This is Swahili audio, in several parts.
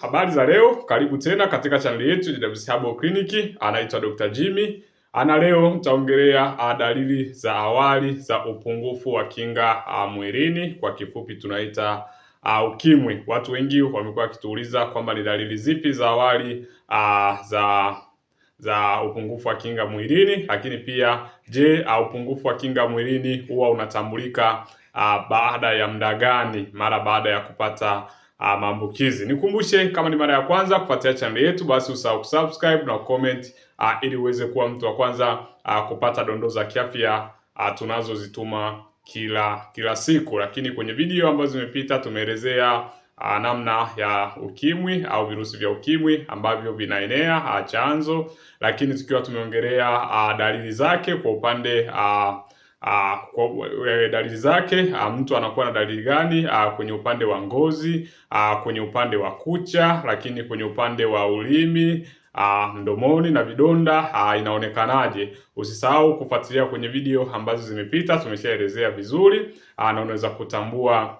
Habari za leo, karibu tena katika chaneli yetu ya Davis Herbal Clinic. Anaitwa Dr. Jimmy ana, leo mtaongelea ah, dalili za awali za upungufu wa kinga ah, mwilini, kwa kifupi tunaita uh, ukimwi. Watu wengi wamekuwa wakituuliza kwamba ni dalili zipi za awali uh, za za upungufu wa kinga mwilini, lakini pia je, uh, upungufu wa kinga mwilini huwa unatambulika uh, baada ya muda gani, mara baada ya kupata Ah, maambukizi. Nikumbushe, kama ni mara ya kwanza kufuatilia channel yetu, basi usahau kusubscribe na comment ah, ili uweze kuwa mtu wa kwanza ah, kupata dondoo za kiafya tunazozituma kila kila siku. Lakini kwenye video ambazo zimepita tumeelezea namna ya ukimwi au virusi vya ukimwi ambavyo vinaenea chanzo, lakini tukiwa tumeongelea dalili zake kwa upande Aa, ah, kwa e, dalili zake aa, ah, mtu anakuwa na dalili gani? Aa, ah, kwenye upande wa ngozi aa, kwenye upande wa kucha, lakini kwenye upande wa ulimi aa, mdomoni na vidonda aa, inaonekanaje? Usisahau kufuatilia kwenye video ambazo zimepita, tumeshaelezea vizuri aa, na unaweza kutambua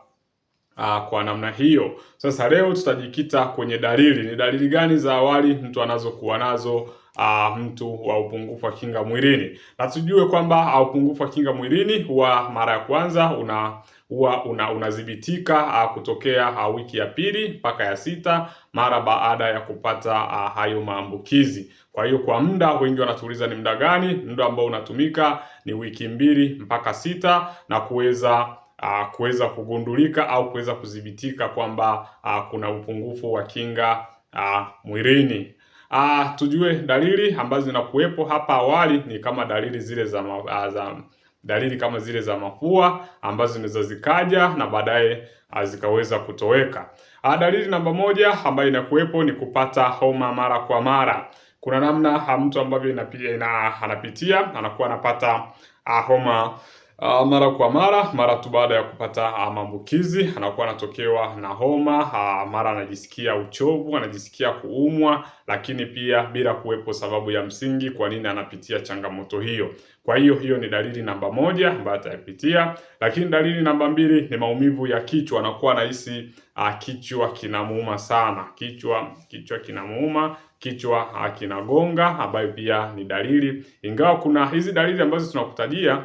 aa, kwa namna hiyo. Sasa leo tutajikita kwenye dalili, ni dalili gani za awali mtu anazokuwa nazo uh, mtu wa upungufu wa kinga mwilini, na tujue kwamba upungufu wa kinga mwilini huwa mara ya kwanza una huwa unadhibitika uh, kutokea uh, wiki ya pili mpaka ya sita mara baada ya kupata uh, hayo maambukizi. Kwa hiyo kwa muda wengi wanatuuliza ni muda gani? Muda ambao unatumika ni wiki mbili mpaka sita na kuweza uh, kuweza kugundulika au kuweza kudhibitika kwamba uh, kuna upungufu wa kinga uh, mwilini. Aa, ah, tujue dalili ambazo zinakuwepo hapa awali ni kama dalili zile za, ma, ah, za dalili kama zile za mafua ambazo zinaweza zikaja na baadaye ah, zikaweza kutoweka. Aa, dalili namba moja ambayo inakuwepo ni kupata homa mara kwa mara. Kuna namna mtu ambavyo inapitia anapitia anakuwa anapata homa Uh, mara kwa mara mara tu baada ya kupata uh, maambukizi anakuwa anatokewa na homa uh, mara anajisikia uchovu, anajisikia kuumwa, lakini pia bila kuwepo sababu ya msingi kwa nini anapitia changamoto hiyo. Kwa hiyo hiyo ni dalili namba moja ambayo atayapitia, lakini dalili namba mbili ni maumivu ya kichwa. Anakuwa anahisi uh, kichwa kinamuuma sana, kichwa kichwa kinamuuma kichwa uh, kinagonga, ambayo pia ni dalili, ingawa kuna hizi dalili ambazo tunakutajia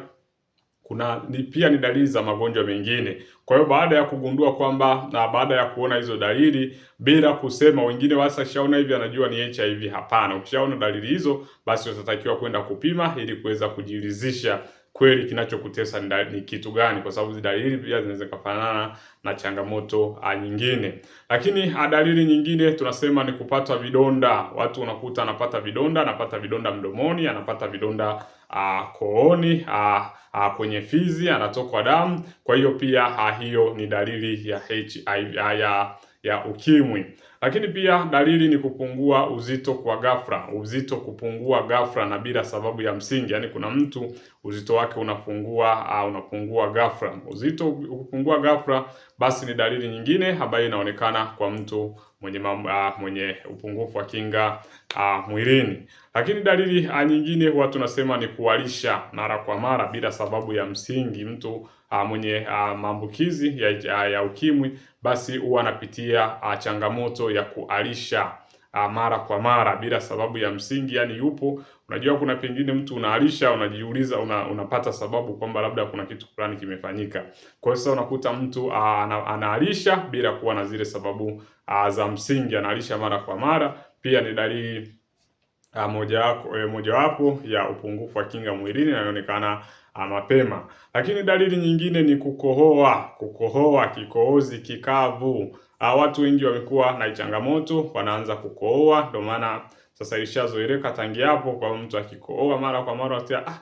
kuna ni, pia ni dalili za magonjwa mengine. Kwa hiyo baada ya kugundua kwamba na baada ya kuona hizo dalili bila kusema, wengine wasa shaona hivi anajua ni HIV. Hapana, ukishaona dalili hizo, basi utatakiwa kwenda kupima ili kuweza kujiridhisha kweli kinachokutesa ni kitu gani, kwa sababu dalili pia zinaweza kufanana na changamoto nyingine. Lakini dalili nyingine tunasema ni kupata vidonda. Watu unakuta anapata vidonda, anapata vidonda mdomoni, anapata vidonda a, kooni a, a, kwenye fizi, anatokwa damu. Kwa hiyo pia a, hiyo ni dalili ya HIV, a, ya, ya ukimwi. Lakini pia dalili ni kupungua uzito kwa ghafla, uzito kupungua ghafla na bila sababu ya msingi. Yaani kuna mtu uzito wake unapungua uh, unapungua ghafla. Uzito kupungua ghafla basi ni dalili nyingine ambayo inaonekana kwa mtu mwenye uh, mwenye upungufu wa kinga uh, mwilini. Lakini dalili uh, nyingine huwa tunasema ni kuwalisha mara kwa mara bila sababu ya msingi mtu uh, mwenye uh, maambukizi ya, ya, ya ukimwi basi huwa anapitia uh, changamoto ya kualisha ah, mara kwa mara bila sababu ya msingi, yani yupo. Unajua kuna pengine mtu unaalisha, unajiuliza una, unapata sababu kwamba labda kuna kitu fulani kimefanyika. Kwa hiyo sasa unakuta mtu ah, ana, anaalisha bila kuwa na zile sababu ah, za msingi, anaalisha mara kwa mara, pia ni dalili eh, mojawapo moja ya upungufu wa kinga mwilini inayoonekana mapema. Lakini dalili nyingine ni kukohoa, kukohoa, kikohozi kikavu. Watu wengi wamekuwa na changamoto, wanaanza kukohoa, ndio maana sasa ilishazoeleka tangi hapo, kwa mtu akikohoa mara kwa mara atia ah,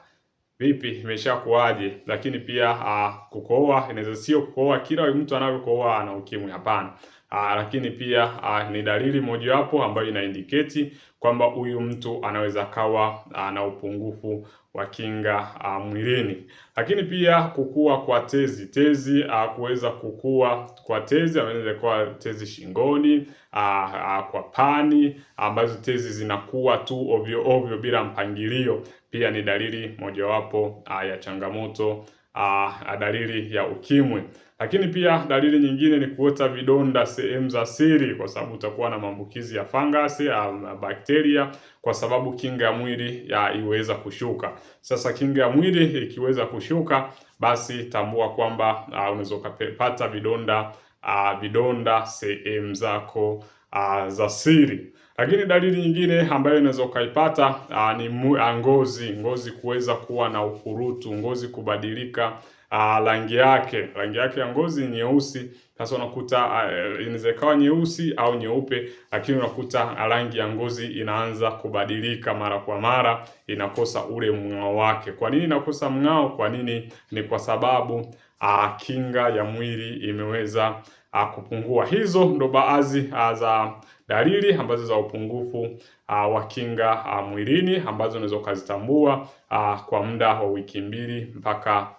vipi imeshakuaje? Lakini pia ah, kukohoa inaweza sio kukohoa kila mtu anavyokohoa ana ukimwi, hapana. Aa, ah, lakini pia aa, ah, ni dalili mojawapo ambayo inaindiketi kwamba huyu mtu anaweza kawa ah, na upungufu wa kinga mwilini. Lakini pia kukua kwa tezi, tezi kuweza kukua kwa tezi, anaweza kuwa tezi shingoni aa, aa, kwa pani ambazo tezi zinakuwa tu ovyo ovyo bila mpangilio, pia ni dalili mojawapo ya changamoto uh, dalili ya ukimwi. Lakini pia dalili nyingine ni kuota vidonda sehemu za siri, kwa sababu utakuwa na maambukizi ya fangasi um, bakteria, kwa sababu kinga ya mwili ya iweza kushuka. Sasa kinga ya mwili ikiweza kushuka, basi tambua kwamba uh, unaweza ukapata vidonda uh, vidonda sehemu zako uh, za siri. Lakini dalili nyingine ambayo unaweza ukaipata ah, ni ah, ngozi, ngozi kuweza kuwa na ukurutu, ngozi kubadilika ah, rangi yake, rangi yake ya ngozi nyeusi. Sasa unakuta inaweza ikawa nyeusi au nyeupe, lakini unakuta rangi ya ngozi inaanza kubadilika mara kwa mara, inakosa ule mng'ao wake. Kwa nini inakosa mng'ao? Kwa nini? Ni kwa sababu uh, kinga ya mwili imeweza uh, kupungua. Hizo ndo baadhi uh, za dalili ambazo za upungufu uh, wa kinga uh, mwilini ambazo unaweza ukazitambua uh, kwa muda wa wiki mbili mpaka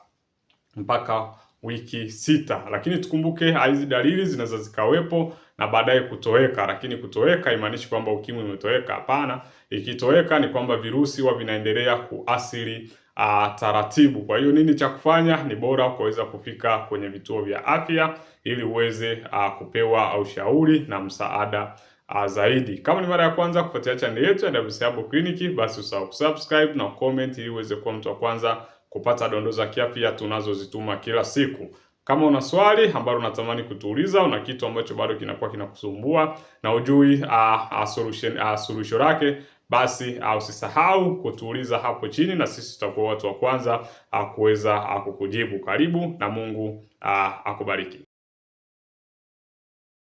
mpaka wiki sita, lakini tukumbuke hizi dalili zinaweza zikawepo na baadaye kutoweka, lakini kutoweka haimaanishi kwamba ukimwi umetoweka. Hapana, ikitoweka ni kwamba virusi huwa vinaendelea kuasili uh, taratibu. Kwa hiyo nini cha kufanya? Ni bora kuweza kufika kwenye vituo vya afya ili uweze uh, kupewa ushauri na msaada uh, zaidi. Kama ni mara ya kwanza kufuatia chaneli yetu ya Davisabo Kliniki, basi usahau kusubscribe na comment ili uweze kuwa mtu wa kwanza kupata dondoo za kiafya tunazozituma kila siku. Kama una swali ambalo unatamani kutuuliza, una kitu ambacho bado kinakuwa kinakusumbua na ujui a, a solution a solution lake basi usisahau kutuuliza hapo chini, na sisi tutakuwa watu wa kwanza ah, kuweza ah, kukujibu. Karibu na Mungu ah, akubariki.